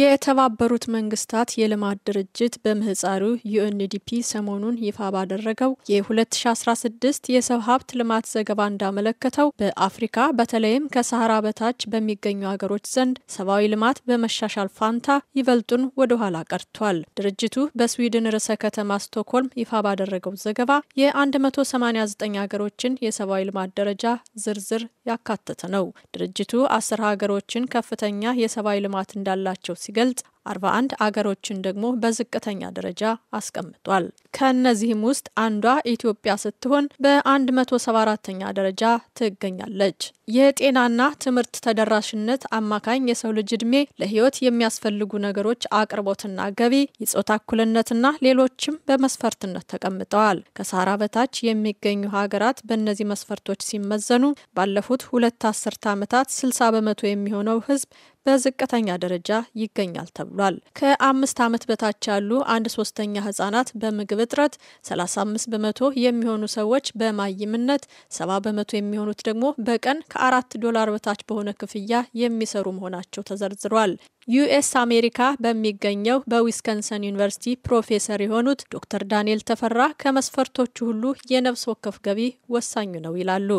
የተባበሩት መንግስታት የልማት ድርጅት በምህጻሩ ዩኤንዲፒ ሰሞኑን ይፋ ባደረገው የ2016 የሰው ሀብት ልማት ዘገባ እንዳመለከተው በአፍሪካ በተለይም ከሳህራ በታች በሚገኙ ሀገሮች ዘንድ ሰብአዊ ልማት በመሻሻል ፋንታ ይበልጡን ወደ ኋላ ቀርቷል። ድርጅቱ በስዊድን ርዕሰ ከተማ ስቶክሆልም ይፋ ባደረገው ዘገባ የ189 ሀገሮችን የሰብአዊ ልማት ደረጃ ዝርዝር ያካተተ ነው። ድርጅቱ አስር ሀገሮችን ከፍተኛ የሰብአዊ ልማት እንዳላቸው ሲገልጽ 41 አገሮችን ደግሞ በዝቅተኛ ደረጃ አስቀምጧል። ከእነዚህም ውስጥ አንዷ ኢትዮጵያ ስትሆን በ174ኛ ደረጃ ትገኛለች። የጤናና ትምህርት ተደራሽነት፣ አማካኝ የሰው ልጅ እድሜ ለህይወት የሚያስፈልጉ ነገሮች አቅርቦትና ገቢ፣ የጾታ እኩልነትና ሌሎችም በመስፈርትነት ተቀምጠዋል። ከሳራ በታች የሚገኙ ሀገራት በእነዚህ መስፈርቶች ሲመዘኑ ባለፉት ሁለት አስርት ዓመታት 60 በመቶ የሚሆነው ህዝብ በዝቅተኛ ደረጃ ይገኛል ተብሏል። ብሏል። ከአምስት ዓመት በታች ያሉ አንድ ሶስተኛ ህጻናት በምግብ እጥረት፣ 35 በመቶ የሚሆኑ ሰዎች በማይምነት፣ 70 በመቶ የሚሆኑት ደግሞ በቀን ከአራት ዶላር በታች በሆነ ክፍያ የሚሰሩ መሆናቸው ተዘርዝሯል። ዩኤስ አሜሪካ በሚገኘው በዊስከንሰን ዩኒቨርሲቲ ፕሮፌሰር የሆኑት ዶክተር ዳንኤል ተፈራ ከመስፈርቶቹ ሁሉ የነፍስ ወከፍ ገቢ ወሳኙ ነው ይላሉ።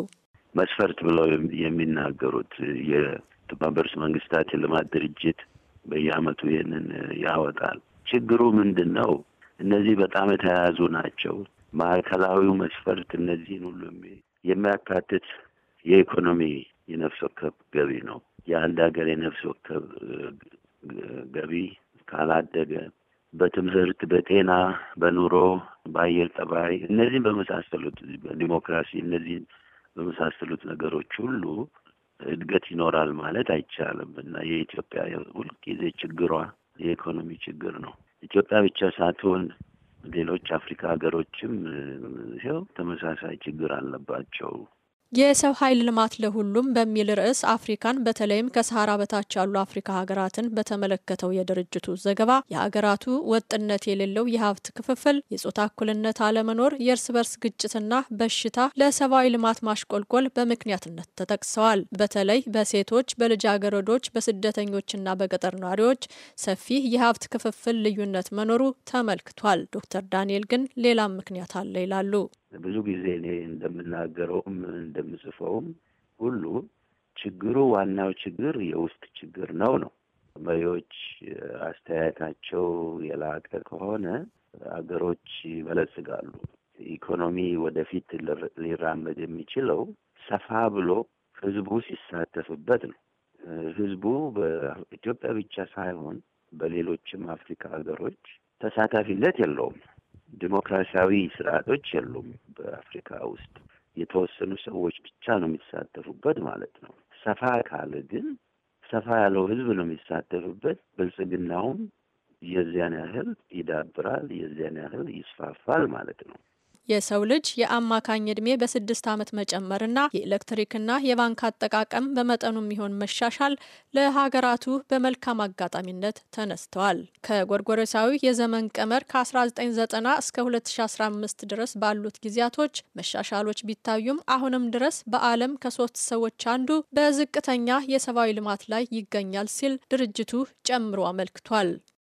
መስፈርት ብለው የሚናገሩት የተባበሩት መንግስታት የልማት ድርጅት በየአመቱ ይህንን ያወጣል። ችግሩ ምንድን ነው? እነዚህ በጣም የተያያዙ ናቸው። ማዕከላዊው መስፈርት እነዚህን ሁሉ የሚያካትት የኢኮኖሚ የነፍስ ወከፍ ገቢ ነው። የአንድ ሀገር የነፍስ ወከፍ ገቢ ካላደገ በትምህርት፣ በጤና፣ በኑሮ፣ በአየር ጠባይ እነዚህን በመሳሰሉት ዲሞክራሲ እነዚህን በመሳሰሉት ነገሮች ሁሉ እድገት ይኖራል ማለት አይቻልም እና የኢትዮጵያ ሁልጊዜ ችግሯ የኢኮኖሚ ችግር ነው። ኢትዮጵያ ብቻ ሳትሆን ሌሎች አፍሪካ ሀገሮችም ይኸው ተመሳሳይ ችግር አለባቸው። የሰው ኃይል ልማት ለሁሉም በሚል ርዕስ አፍሪካን በተለይም ከሰሃራ በታች ያሉ አፍሪካ ሀገራትን በተመለከተው የድርጅቱ ዘገባ የሀገራቱ ወጥነት የሌለው የሀብት ክፍፍል፣ የጾታ እኩልነት አለመኖር፣ የእርስ በርስ ግጭትና በሽታ ለሰብአዊ ልማት ማሽቆልቆል በምክንያትነት ተጠቅሰዋል። በተለይ በሴቶች በልጃገረዶች፣ በስደተኞችና በገጠር ነዋሪዎች ሰፊ የሀብት ክፍፍል ልዩነት መኖሩ ተመልክቷል። ዶክተር ዳንኤል ግን ሌላም ምክንያት አለ ይላሉ። ብዙ ጊዜ እኔ እንደምናገረውም እንደምጽፈውም ሁሉ ችግሩ ዋናው ችግር የውስጥ ችግር ነው ነው። መሪዎች አስተያየታቸው የላቀ ከሆነ አገሮች ይበለጽጋሉ። ኢኮኖሚ ወደፊት ሊራመድ የሚችለው ሰፋ ብሎ ህዝቡ ሲሳተፍበት ነው። ህዝቡ በኢትዮጵያ ብቻ ሳይሆን በሌሎችም አፍሪካ ሀገሮች ተሳታፊነት የለውም። ዲሞክራሲያዊ ስርዓቶች የሉም በአፍሪካ ውስጥ። የተወሰኑ ሰዎች ብቻ ነው የሚሳተፉበት ማለት ነው። ሰፋ ካለ ግን ሰፋ ያለው ህዝብ ነው የሚሳተፍበት። ብልጽግናውም የዚያን ያህል ይዳብራል፣ የዚያን ያህል ይስፋፋል ማለት ነው። የሰው ልጅ የአማካኝ እድሜ በስድስት ዓመት መጨመርና የኤሌክትሪክና የባንክ አጠቃቀም በመጠኑ የሚሆን መሻሻል ለሀገራቱ በመልካም አጋጣሚነት ተነስተዋል። ከጎርጎረሳዊ የዘመን ቀመር ከ1990 እስከ 2015 ድረስ ባሉት ጊዜያቶች መሻሻሎች ቢታዩም አሁንም ድረስ በዓለም ከሶስት ሰዎች አንዱ በዝቅተኛ የሰብአዊ ልማት ላይ ይገኛል ሲል ድርጅቱ ጨምሮ አመልክቷል።